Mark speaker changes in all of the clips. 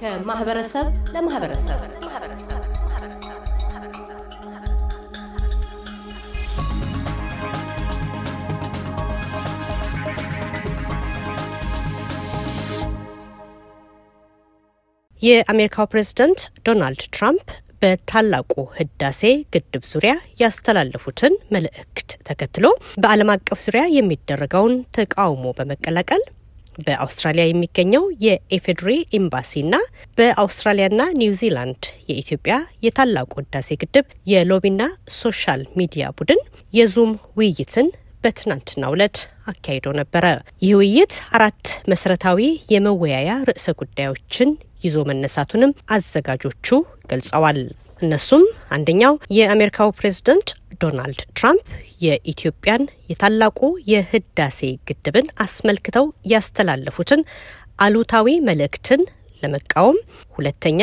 Speaker 1: ከማህበረሰብ ለማህበረሰብ የአሜሪካው ፕሬዝደንት ዶናልድ ትራምፕ በታላቁ ህዳሴ ግድብ ዙሪያ ያስተላለፉትን መልእክት ተከትሎ በዓለም አቀፍ ዙሪያ የሚደረገውን ተቃውሞ በመቀላቀል በአውስትራሊያ የሚገኘው የኤፌድሪ ኤምባሲና በአውስትራሊያና ኒውዚላንድ የኢትዮጵያ የታላቁ ህዳሴ ግድብ የሎቢና ሶሻል ሚዲያ ቡድን የዙም ውይይትን በትናንትናው ዕለት አካሂዶ ነበረ። ይህ ውይይት አራት መሰረታዊ የመወያያ ርዕሰ ጉዳዮችን ይዞ መነሳቱንም አዘጋጆቹ ገልጸዋል። እነሱም አንደኛው የአሜሪካው ፕሬዝደንት ዶናልድ ትራምፕ የኢትዮጵያን የታላቁ የህዳሴ ግድብን አስመልክተው ያስተላለፉትን አሉታዊ መልእክትን ለመቃወም፣ ሁለተኛ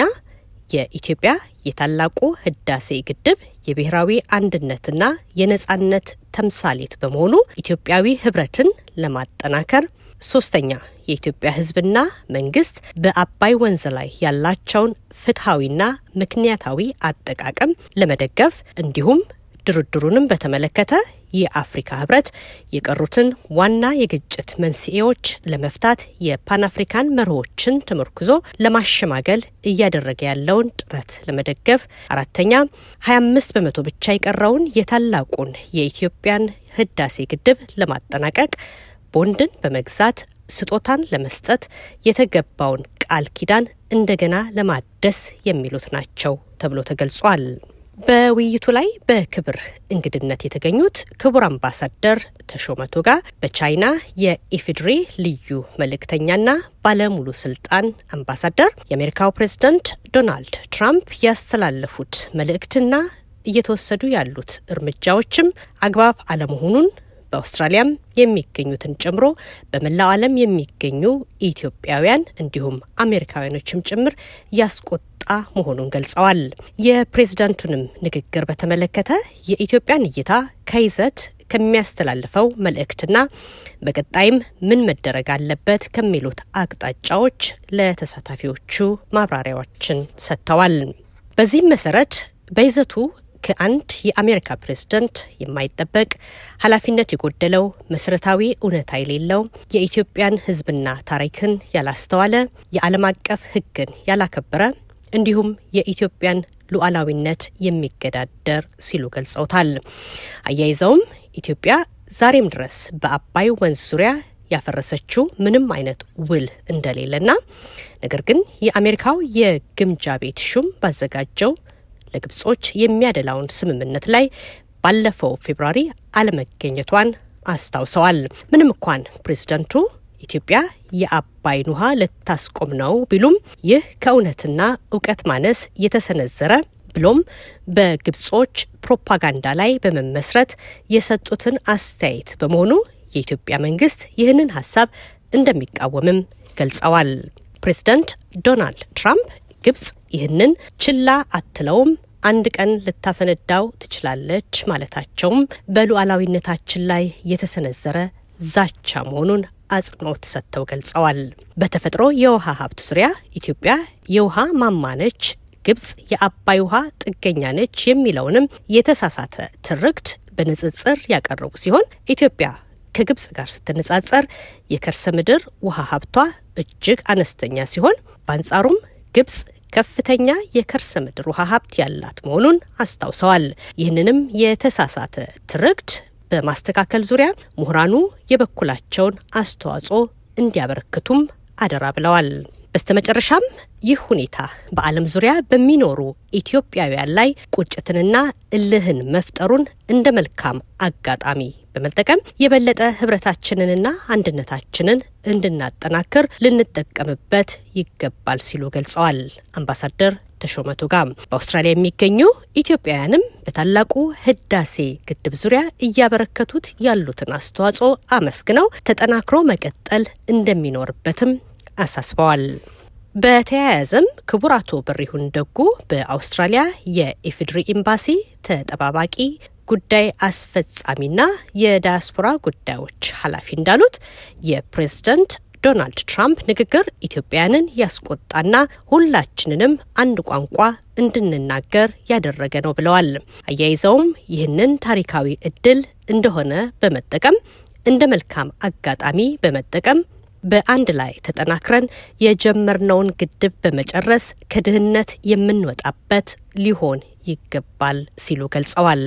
Speaker 1: የኢትዮጵያ የታላቁ ህዳሴ ግድብ የብሔራዊ አንድነትና የነጻነት ተምሳሌት በመሆኑ ኢትዮጵያዊ ህብረትን ለማጠናከር ሶስተኛ የኢትዮጵያ ህዝብና መንግስት በአባይ ወንዝ ላይ ያላቸውን ፍትሐዊና ምክንያታዊ አጠቃቀም ለመደገፍ እንዲሁም ድርድሩንም በተመለከተ የአፍሪካ ህብረት የቀሩትን ዋና የግጭት መንስኤዎች ለመፍታት የፓን አፍሪካን መርሆችን ተመርኩዞ ለማሸማገል እያደረገ ያለውን ጥረት ለመደገፍ፣ አራተኛ 25 በመቶ ብቻ የቀረውን የታላቁን የኢትዮጵያን ህዳሴ ግድብ ለማጠናቀቅ ቦንድን በመግዛት ስጦታን ለመስጠት የተገባውን ቃል ኪዳን እንደገና ለማደስ የሚሉት ናቸው ተብሎ ተገልጿል። በውይይቱ ላይ በክብር እንግድነት የተገኙት ክቡር አምባሳደር ተሾመ ቶጋ በቻይና የኢፌዴሪ ልዩ መልእክተኛና ባለሙሉ ስልጣን አምባሳደር የአሜሪካው ፕሬዝዳንት ዶናልድ ትራምፕ ያስተላለፉት መልእክትና እየተወሰዱ ያሉት እርምጃዎችም አግባብ አለመሆኑን በአውስትራሊያም የሚገኙትን ጨምሮ በመላው ዓለም የሚገኙ ኢትዮጵያውያን እንዲሁም አሜሪካውያኖችም ጭምር ያስቆጣ መሆኑን ገልጸዋል። የፕሬዝዳንቱንም ንግግር በተመለከተ የኢትዮጵያን እይታ ከይዘት ከሚያስተላልፈው መልእክትና በቀጣይም ምን መደረግ አለበት ከሚሉት አቅጣጫዎች ለተሳታፊዎቹ ማብራሪያዎችን ሰጥተዋል። በዚህም መሰረት በይዘቱ ከአንድ የአሜሪካ ፕሬዝደንት የማይጠበቅ ኃላፊነት የጎደለው መሰረታዊ እውነታ የሌለው የኢትዮጵያን ሕዝብና ታሪክን ያላስተዋለ የዓለም አቀፍ ሕግን ያላከበረ እንዲሁም የኢትዮጵያን ሉዓላዊነት የሚገዳደር ሲሉ ገልጸውታል። አያይዘውም ኢትዮጵያ ዛሬም ድረስ በአባይ ወንዝ ዙሪያ ያፈረሰችው ምንም አይነት ውል እንደሌለና ነገር ግን የአሜሪካው የግምጃ ቤት ሹም ባዘጋጀው ለግብጾች የሚያደላውን ስምምነት ላይ ባለፈው ፌብራሪ አለመገኘቷን አስታውሰዋል። ምንም እንኳን ፕሬዝደንቱ ኢትዮጵያ የአባይን ውሃ ልታስቆም ነው ቢሉም ይህ ከእውነትና እውቀት ማነስ የተሰነዘረ ብሎም በግብጾች ፕሮፓጋንዳ ላይ በመመስረት የሰጡትን አስተያየት በመሆኑ የኢትዮጵያ መንግስት ይህንን ሀሳብ እንደሚቃወምም ገልጸዋል። ፕሬዚደንት ዶናልድ ትራምፕ ግብጽ ይህንን ችላ አትለውም አንድ ቀን ልታፈነዳው ትችላለች ማለታቸውም በሉዓላዊነታችን ላይ የተሰነዘረ ዛቻ መሆኑን አጽንኦት ሰጥተው ገልጸዋል። በተፈጥሮ የውሃ ሀብት ዙሪያ ኢትዮጵያ የውሃ ማማ ነች፣ ግብጽ የአባይ ውሃ ጥገኛ ነች የሚለውንም የተሳሳተ ትርክት በንጽጽር ያቀረቡ ሲሆን ኢትዮጵያ ከግብጽ ጋር ስትነጻጸር የከርሰ ምድር ውሃ ሀብቷ እጅግ አነስተኛ ሲሆን በአንጻሩም ግብጽ ከፍተኛ የከርሰ ምድር ውሃ ሀብት ያላት መሆኑን አስታውሰዋል። ይህንንም የተሳሳተ ትርክት በማስተካከል ዙሪያ ምሁራኑ የበኩላቸውን አስተዋጽኦ እንዲያበረክቱም አደራ ብለዋል። በስተመጨረሻም ይህ ሁኔታ በዓለም ዙሪያ በሚኖሩ ኢትዮጵያውያን ላይ ቁጭትንና እልህን መፍጠሩን እንደ መልካም አጋጣሚ በመጠቀም የበለጠ ህብረታችንንና አንድነታችንን እንድናጠናክር ልንጠቀምበት ይገባል ሲሉ ገልጸዋል። አምባሳደር ተሾመቱ ቶጋ በአውስትራሊያ የሚገኙ ኢትዮጵያውያንም በታላቁ ህዳሴ ግድብ ዙሪያ እያበረከቱት ያሉትን አስተዋጽኦ አመስግነው ተጠናክሮ መቀጠል እንደሚኖርበትም አሳስበዋል። በተያያዘም ክቡር አቶ በሪሁን ደጉ በአውስትራሊያ የኢፌዴሪ ኤምባሲ ተጠባባቂ ጉዳይ አስፈጻሚና የዳያስፖራ ጉዳዮች ኃላፊ እንዳሉት የፕሬዝደንት ዶናልድ ትራምፕ ንግግር ኢትዮጵያንን ያስቆጣና ሁላችንንም አንድ ቋንቋ እንድንናገር ያደረገ ነው ብለዋል። አያይዘውም ይህንን ታሪካዊ እድል እንደሆነ በመጠቀም እንደ መልካም አጋጣሚ በመጠቀም በአንድ ላይ ተጠናክረን የጀመርነውን ግድብ በመጨረስ ከድህነት የምንወጣበት ሊሆን ይገባል ሲሉ ገልጸዋል።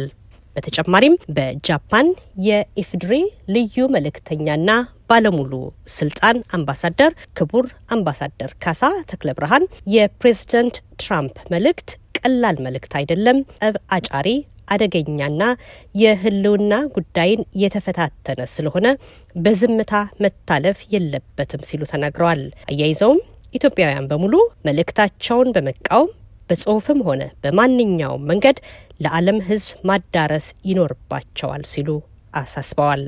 Speaker 1: በተጨማሪም በጃፓን የኢፍድሪ ልዩ መልእክተኛና ባለሙሉ ስልጣን አምባሳደር ክቡር አምባሳደር ካሳ ተክለ ብርሃን የፕሬዝደንት ትራምፕ መልእክት ቀላል መልእክት አይደለም፣ ጠብ አጫሪ አደገኛና የህልውና ጉዳይን የተፈታተነ ስለሆነ በዝምታ መታለፍ የለበትም ሲሉ ተናግረዋል። አያይዘውም ኢትዮጵያውያን በሙሉ መልእክታቸውን በመቃወም በጽሁፍም ሆነ በማንኛውም መንገድ ለዓለም ሕዝብ ማዳረስ ይኖርባቸዋል ሲሉ አሳስበዋል።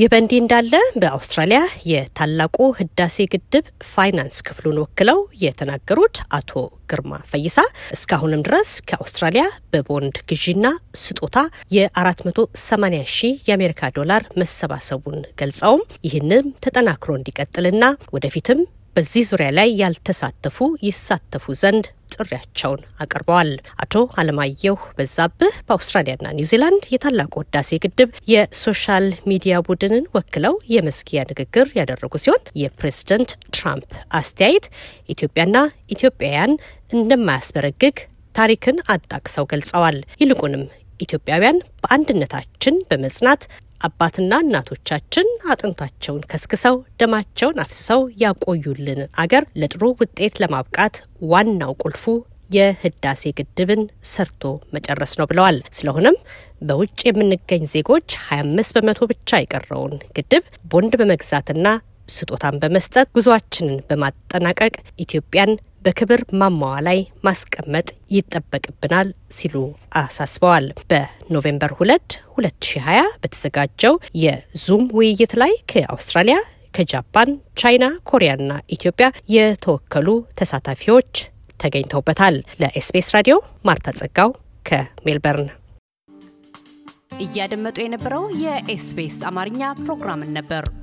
Speaker 1: ይህ በእንዲህ እንዳለ በአውስትራሊያ የታላቁ ህዳሴ ግድብ ፋይናንስ ክፍሉን ወክለው የተናገሩት አቶ ግርማ ፈይሳ እስካሁንም ድረስ ከአውስትራሊያ በቦንድ ግዢና ስጦታ የ480 ሺህ የአሜሪካ ዶላር መሰባሰቡን ገልጸውም ይህንም ተጠናክሮ እንዲቀጥልና ወደፊትም በዚህ ዙሪያ ላይ ያልተሳተፉ ይሳተፉ ዘንድ ጥሪያቸውን አቅርበዋል። አቶ አለማየሁ በዛብህ በአውስትራሊያና ኒውዚላንድ የታላቁ ህዳሴ ግድብ የሶሻል ሚዲያ ቡድንን ወክለው የመስኪያ ንግግር ያደረጉ ሲሆን የፕሬዝደንት ትራምፕ አስተያየት ኢትዮጵያና ኢትዮጵያውያን እንደማያስበረግግ ታሪክን አጣቅሰው ገልጸዋል። ይልቁንም ኢትዮጵያውያን በአንድነታችን በመጽናት አባትና እናቶቻችን አጥንታቸውን ከስክሰው ደማቸውን አፍስሰው ያቆዩልን አገር ለጥሩ ውጤት ለማብቃት ዋናው ቁልፉ የህዳሴ ግድብን ሰርቶ መጨረስ ነው ብለዋል። ስለሆነም በውጭ የምንገኝ ዜጎች 25 በመቶ ብቻ የቀረውን ግድብ ቦንድ በመግዛትና ስጦታን በመስጠት ጉዟችንን በማጠናቀቅ ኢትዮጵያን በክብር ማማዋ ላይ ማስቀመጥ ይጠበቅብናል ሲሉ አሳስበዋል። በኖቬምበር 2 2020 በተዘጋጀው የዙም ውይይት ላይ ከአውስትራሊያ፣ ከጃፓን፣ ቻይና፣ ኮሪያና ኢትዮጵያ የተወከሉ ተሳታፊዎች ተገኝተውበታል። ለኤስቢኤስ ራዲዮ ማርታ ጸጋው ከሜልበርን። እያደመጡ የነበረው የኤስቢኤስ አማርኛ ፕሮግራምን ነበር።